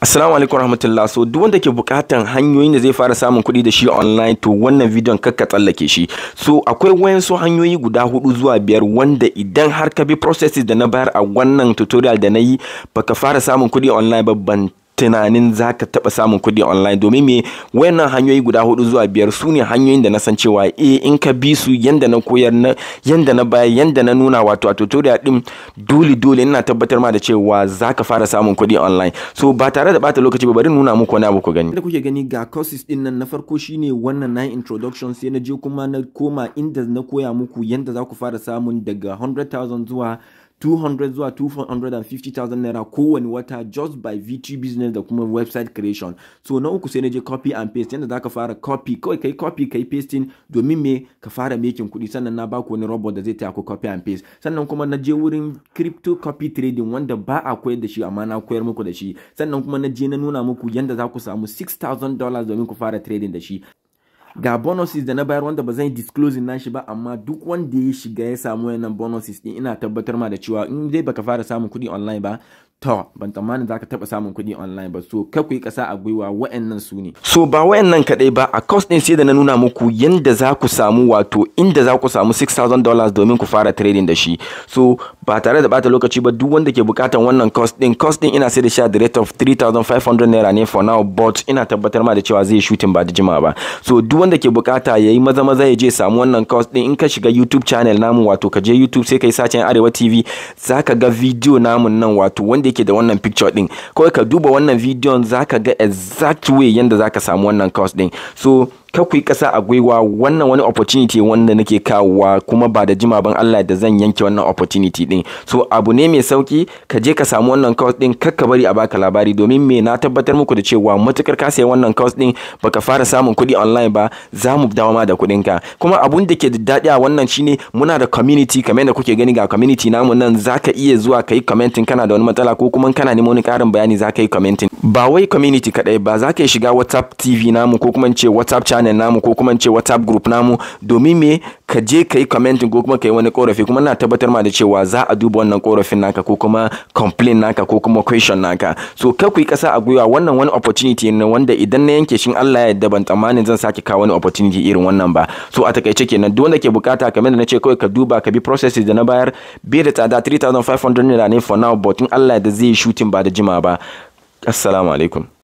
Assalamu alaikum rahmatullah so duk wanda ke bukatan hanyoyin da zai fara samun kuɗi da shi online to wannan bidiyon ka tsallake shi so akwai wayansu hanyoyi guda hudu zuwa biyar wanda idan har ka bi processes da na bayar a wannan tutorial da na yi baka fara samun kuɗi online ba ban tunanin za ka taɓa samun kuɗi online domin me wayannan hanyoyi guda hudu zuwa biyar su ne hanyoyin da na san cewa eh in ka bi su yanda na koyar na yanda na baya yanda na nuna wato a tutorial din dole dole ina tabbatar ma da cewa za ka fara samun kuɗi online so ba tare da bata lokaci ba bari nuna muku wani abu ku gani da kuke gani ga courses din nan na farko shine wannan na introduction sai na je kuma na koma inda na koya muku yanda za ku fara samun daga 100,000 zuwa 200 zuwa 250,000 naira kowane wata just by VT business da kuma website creation so na uku sai na je copy and paste yadda za ka fara copy kawai kai copy kai pasting domin me ka fara making kuɗi sannan na baku wani robot da zai taya ku copy and paste sannan kuma na je wurin crypto copy trading wanda ba a koyar da shi amma na koyar muku da shi sannan kuma na je na nuna muku yadda za ku samu $6,000 domin ku fara trading da shi ga bonuses da na bayar wanda ba zan yi disclosing na shi ba amma duk wanda ya shiga ya samu wannan bonuses din ina tabbatar ma da cewa in dai baka fara samun kuɗi online ba to ban tsammanin ka taɓa samun kuɗi online ba so ka ku yi ƙasa a gwiwa wa'annan su ne so ba wa'annan kaɗai ba a cost ɗin sai da na nuna muku yadda za ku samu wato inda za ku samu 6000 dollars domin ku fara trading da shi so ba tare da bata lokaci ba duk wanda ke buƙatar wannan cost ɗin cost ɗin ina sai da shi a the rate of 3500 naira ne for now but ina tabbatar ma da cewa zai shooting ba da jima ba so duk wanda ke bukata yi maza maza ya je samu wannan cost ɗin in ka shiga YouTube channel namu wato ka je YouTube sai ka yi sacin Arewa TV za ka ga video namun nan wato wanda yake da wannan picture din kawai ka duba wannan bidiyon zaka ga exact way yanda zaka samu wannan course din so ka ku yi ƙasa a gwiwa wannan wani opportunity wanda nake kawowa kuma ba da jima ban Allah da zan yanke wannan opportunity din so abu ne mai sauki ka je ka samu wannan course din kar ka bari a baka labari domin me na tabbatar muku da cewa matukar ka sayi wannan course din baka fara samun kuɗi online ba za mu dawo ma da kuɗin ka kuma abun da ke da daɗi a wannan shine muna da community kamar da kuke gani ga community namu nan zaka iya zuwa ka yi commenting kana da wani matsala ko kuma kana neman wani ƙarin bayani zaka yi commenting ba wai community kaɗai ba zaka iya shiga WhatsApp TV namu ko kuma in ce WhatsApp chat channel namu ko kuma ce WhatsApp group namu domin me ka je kayi comment commenting ko kuma kai wani korafi kuma na tabbatar ma da cewa za a duba wannan korafin naka ko kuma complain naka ko kuma question naka so ka ku yi kasa a gwiwa wannan wani opportunity ne wanda idan na yanke shin Allah ya yarda ban tsammanin zan sake kawo wani opportunity irin wannan ba so a takaice kenan duk wanda ke bukata kamar da na ce kawai ka duba ka bi processes da na bayar bai da tsada 3500 naira ne for now but in Allah da zai shooting ba da jima ba assalamu alaikum